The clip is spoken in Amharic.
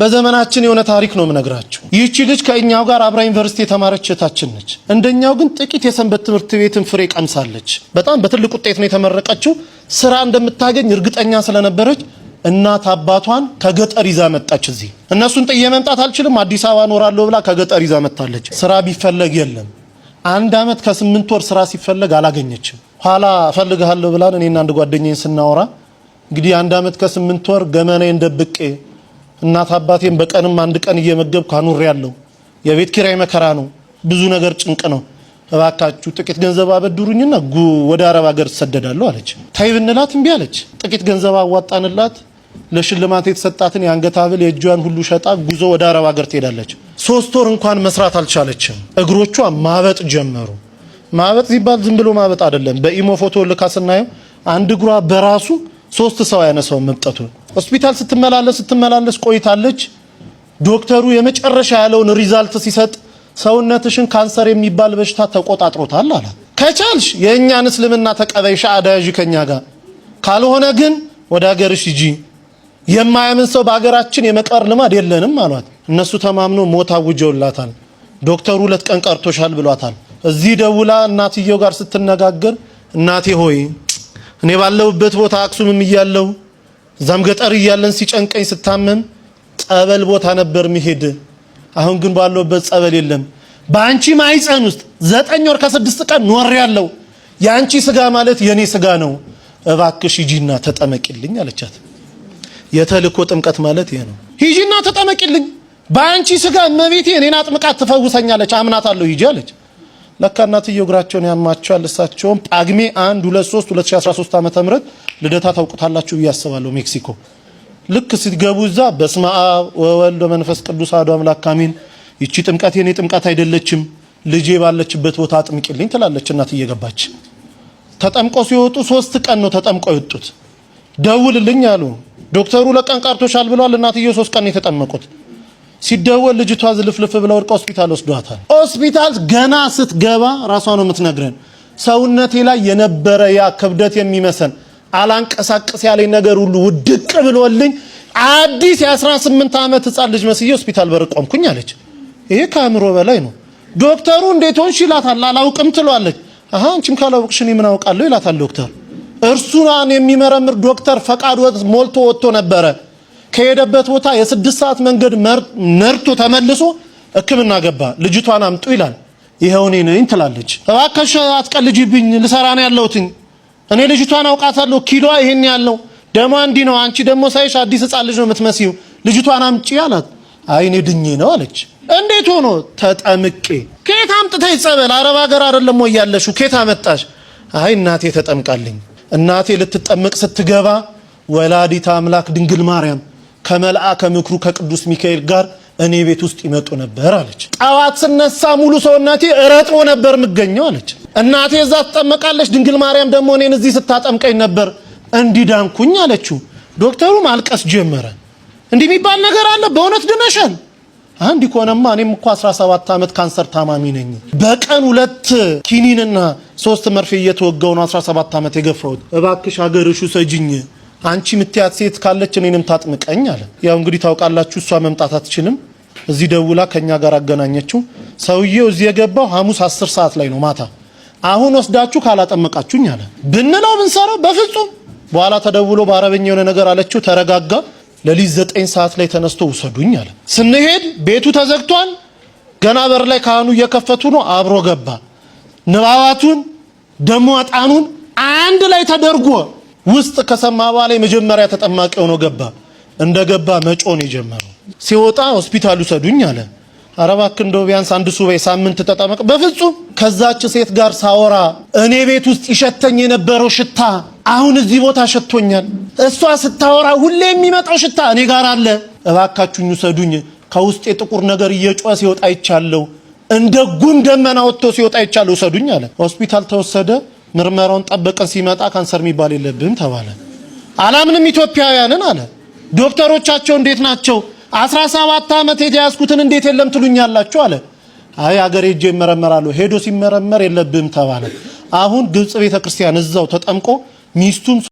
በዘመናችን የሆነ ታሪክ ነው የምነግራችሁ። ይህቺ ልጅ ከእኛው ጋር አብራ ዩኒቨርሲቲ የተማረች እህታችን ነች። እንደኛው ግን ጥቂት የሰንበት ትምህርት ቤትን ፍሬ ቀምሳለች። በጣም በትልቅ ውጤት ነው የተመረቀችው። ስራ እንደምታገኝ እርግጠኛ ስለነበረች እናት አባቷን ከገጠር ይዛ መጣች። እዚህ እነሱን ጥዬ መምጣት አልችልም፣ አዲስ አበባ እኖራለሁ ብላ ከገጠር ይዛ መጣለች። ስራ ቢፈለግ የለም። አንድ አመት ከስምንት ወር ስራ ሲፈለግ አላገኘችም። ኋላ እፈልግሃለሁ ብላን እኔና አንድ ጓደኛዬን ስናወራ እንግዲህ አንድ አመት ከስምንት ወር ገመናዬን ደብቄ እናት አባቴን በቀንም አንድ ቀን እየመገብ ካኑር ያለው የቤት ኪራይ መከራ ነው። ብዙ ነገር ጭንቅ ነው። እባካችሁ ጥቂት ገንዘብ አበድሩኝና ወደ አረብ ሀገር ትሰደዳለሁ አለች። ታይ ብንላት እምቢ አለች። ጥቂት ገንዘብ አዋጣንላት። ለሽልማት የተሰጣትን የአንገት ሀብል የእጇን ሁሉ ሸጣ ጉዞ ወደ አረብ ሀገር ትሄዳለች። ሶስት ወር እንኳን መስራት አልቻለችም። እግሮቿ ማበጥ ጀመሩ። ማበጥ ሲባል ዝም ብሎ ማበጥ አይደለም። በኢሞ ፎቶ ልካ ስናየው አንድ እግሯ በራሱ ሶስት ሰው ያነሰው መብጠቱ ሆስፒታል ስትመላለስ ስትመላለስ ቆይታለች። ዶክተሩ የመጨረሻ ያለውን ሪዛልት ሲሰጥ ሰውነትሽን ካንሰር የሚባል በሽታ ተቆጣጥሮታል አላት። ከቻልሽ የእኛን እስልምና ተቀበይ ሻዳ ያዥ ከኛ ጋር ካልሆነ ግን ወደ ሀገርሽ ሂጂ። የማያምን ሰው በሀገራችን የመቀር ልማድ የለንም አሏት። እነሱ ተማምኖ ሞት አውጀውላታል። ዶክተሩ ሁለት ቀን ቀርቶሻል ብሏታል። እዚህ ደውላ እናትየው ጋር ስትነጋገር እናቴ ሆይ እኔ ባለሁበት ቦታ አክሱምም እያለሁ እዛም ገጠር እያለን ሲጨንቀኝ ስታመም ጸበል ቦታ ነበር ሚሄድ አሁን ግን ባለውበት ጸበል የለም። በአንቺ ማይፀን ውስጥ ዘጠኝ ወር ከስድስት ቀን ኖር ያለው የአንቺ ስጋ ማለት የኔ ስጋ ነው፣ እባክሽ ሂጂና ተጠመቂልኝ አለቻት። የተልእኮ ጥምቀት ማለት ይሄ ነው። ሂጂና ተጠመቂልኝ፣ በአንቺ ስጋ እመቤቴ እኔን አጥምቃት ትፈውሰኛለች፣ አምናታለሁ፣ ሂጂ አለች። ለካ እናትየው እግራቸውን ያማቸዋል። እሳቸውም ጳግሜ 1 2 3 2013 ዓመተ ምህረት ልደታ ታውቁታላችሁ ብዬ አስባለሁ። ሜክሲኮ ልክ ሲትገቡ እዛ በስመ አብ ወወልድ ወመንፈስ ቅዱስ አሐዱ አምላክ አሜን። ይቺ ጥምቀት የኔ ጥምቀት አይደለችም፣ ልጄ ባለችበት ቦታ አጥምቂልኝ ትላለች እናትየ እየገባች። ተጠምቀው ሲወጡ ሶስት ቀን ነው ተጠምቀው የወጡት። ደውልልኝ አሉ ዶክተሩ። ለቀን ቀርቶሻል ብለዋል። እናትየው ሶስት ቀን የተጠመቁት ሲደወል ልጅቷ ዝልፍልፍ ብለ ወድቀ ሆስፒታል ወስዷታል። ሆስፒታል ገና ስትገባ ራሷ ነው የምትነግረን። ሰውነቴ ላይ የነበረ ያ ክብደት የሚመሰን አላንቀሳቀስ ያለኝ ነገር ሁሉ ውድቅ ብሎልኝ አዲስ የ18 ዓመት ህፃን ልጅ መስዬ ሆስፒታል በር ቆምኩኝ አለች። ይሄ ከአእምሮ በላይ ነው። ዶክተሩ እንዴት ሆንሽ ይላታል። አላውቅም ትሏለች። አሃ አንቺም ካላውቅሽ እኔ ምን አውቃለሁ ይላታል ዶክተር። እርሱን የሚመረምር ዶክተር ፈቃድ ሞልቶ ወጥቶ ነበረ። ከሄደበት ቦታ የስድስት ሰዓት መንገድ ነርቶ ተመልሶ ሕክምና ገባ። ልጅቷን አምጡ ይላል። ይኸው እኔ ነኝ ትላለች። እባክሽ አትቀልጂብኝ፣ ልሰራ ነው ያለሁትኝ። እኔ ልጅቷን አውቃታለሁ። ኪሎዋ ይሄን ያለው ደሞ እንዲህ ነው። አንቺ ደግሞ ሳይሽ አዲስ ሕፃን ልጅ ነው የምትመስዩ። ልጅቷን አምጪ አላት። አይ እኔ ድኜ ነው አለች። እንዴት ሆኖ? ተጠምቄ። ከየት አምጥተሽ ጸበል? አረብ ሀገር አይደለም ወይ ያለሽው? ከየት አመጣሽ? አይ እናቴ ተጠምቃልኝ። እናቴ ልትጠምቅ ስትገባ ወላዲታ አምላክ ድንግል ማርያም ከመልአ ከምክሩ ከቅዱስ ሚካኤል ጋር እኔ ቤት ውስጥ ይመጡ ነበር አለች። ጠዋት ስነሳ ሙሉ ሰውነቴ ረጥቦ ነበር የምገኘው አለች። እናቴ እዛ ትጠመቃለች፣ ድንግል ማርያም ደግሞ እኔን እዚህ ስታጠምቀኝ ነበር እንዲዳንኩኝ አለችው። ዶክተሩ ማልቀስ ጀመረ። እንዲህ የሚባል ነገር አለ? በእውነት ድነሻል? አንድ ኮነማ እኔም እኮ 17 ዓመት ካንሰር ታማሚ ነኝ። በቀን ሁለት ኪኒንና ሶስት መርፌ እየተወጋው ነው 17 ዓመት የገፋሁት። እባክሽ ሀገርሹ ሰጅኝ አንቺ ምትያት ሴት ካለች እኔንም ታጥምቀኝ አለ። ያው እንግዲህ ታውቃላችሁ፣ እሷ መምጣት አትችልም። እዚህ ደውላ ከኛ ጋር አገናኘችው። ሰውዬው እዚህ የገባው ሐሙስ አስር ሰዓት ላይ ነው ማታ። አሁን ወስዳችሁ ካላጠመቃችሁኝ አለ። ብንለው ብንሰራው በፍጹም በኋላ ተደውሎ በአረበኛ የሆነ ነገር አለችው። ተረጋጋ። ለሊት ዘጠኝ ሰዓት ላይ ተነስቶ ውሰዱኝ አለ። ስንሄድ ቤቱ ተዘግቷል። ገና በር ላይ ካህኑ እየከፈቱ ነው። አብሮ ገባ። ንባባቱን ደሞ አጣኑን አንድ ላይ ተደርጎ ውስጥ ከሰማ በኋላ የመጀመሪያ ተጠማቂ ሆኖ ገባ። እንደ ገባ መጮን የጀመረው ሲወጣ ሆስፒታል ውሰዱኝ አለ። ኧረ እባክህ እንደው ቢያንስ አንድ ሱባኤ ሳምንት ተጠመቅ። በፍጹም ከዛች ሴት ጋር ሳወራ እኔ ቤት ውስጥ ይሸተኝ የነበረው ሽታ አሁን እዚህ ቦታ ሸቶኛል። እሷ ስታወራ ሁሌ የሚመጣው ሽታ እኔ ጋር አለ። እባካችሁኝ ውሰዱኝ። ከውስጥ የጥቁር ነገር እየጮኸ ሲወጣ ይቻለው፣ እንደ ጉም ደመና ወጥቶ ሲወጣ ይቻለው፣ ውሰዱኝ አለ። ሆስፒታል ተወሰደ። ምርመራውን ጠበቀን ሲመጣ ካንሰር የሚባል የለብህም ተባለ። አላምንም ኢትዮጵያውያንን አለ። ዶክተሮቻቸው እንዴት ናቸው? 17 ዓመት የተያዝኩትን እንዴት የለም ትሉኛላችሁ አለ። አይ አገሬ ሄጄ ይመረመራሉ። ሄዶ ሲመረመር የለብም ተባለ። አሁን ግብጽ ቤተክርስቲያን እዛው ተጠምቆ ሚስቱም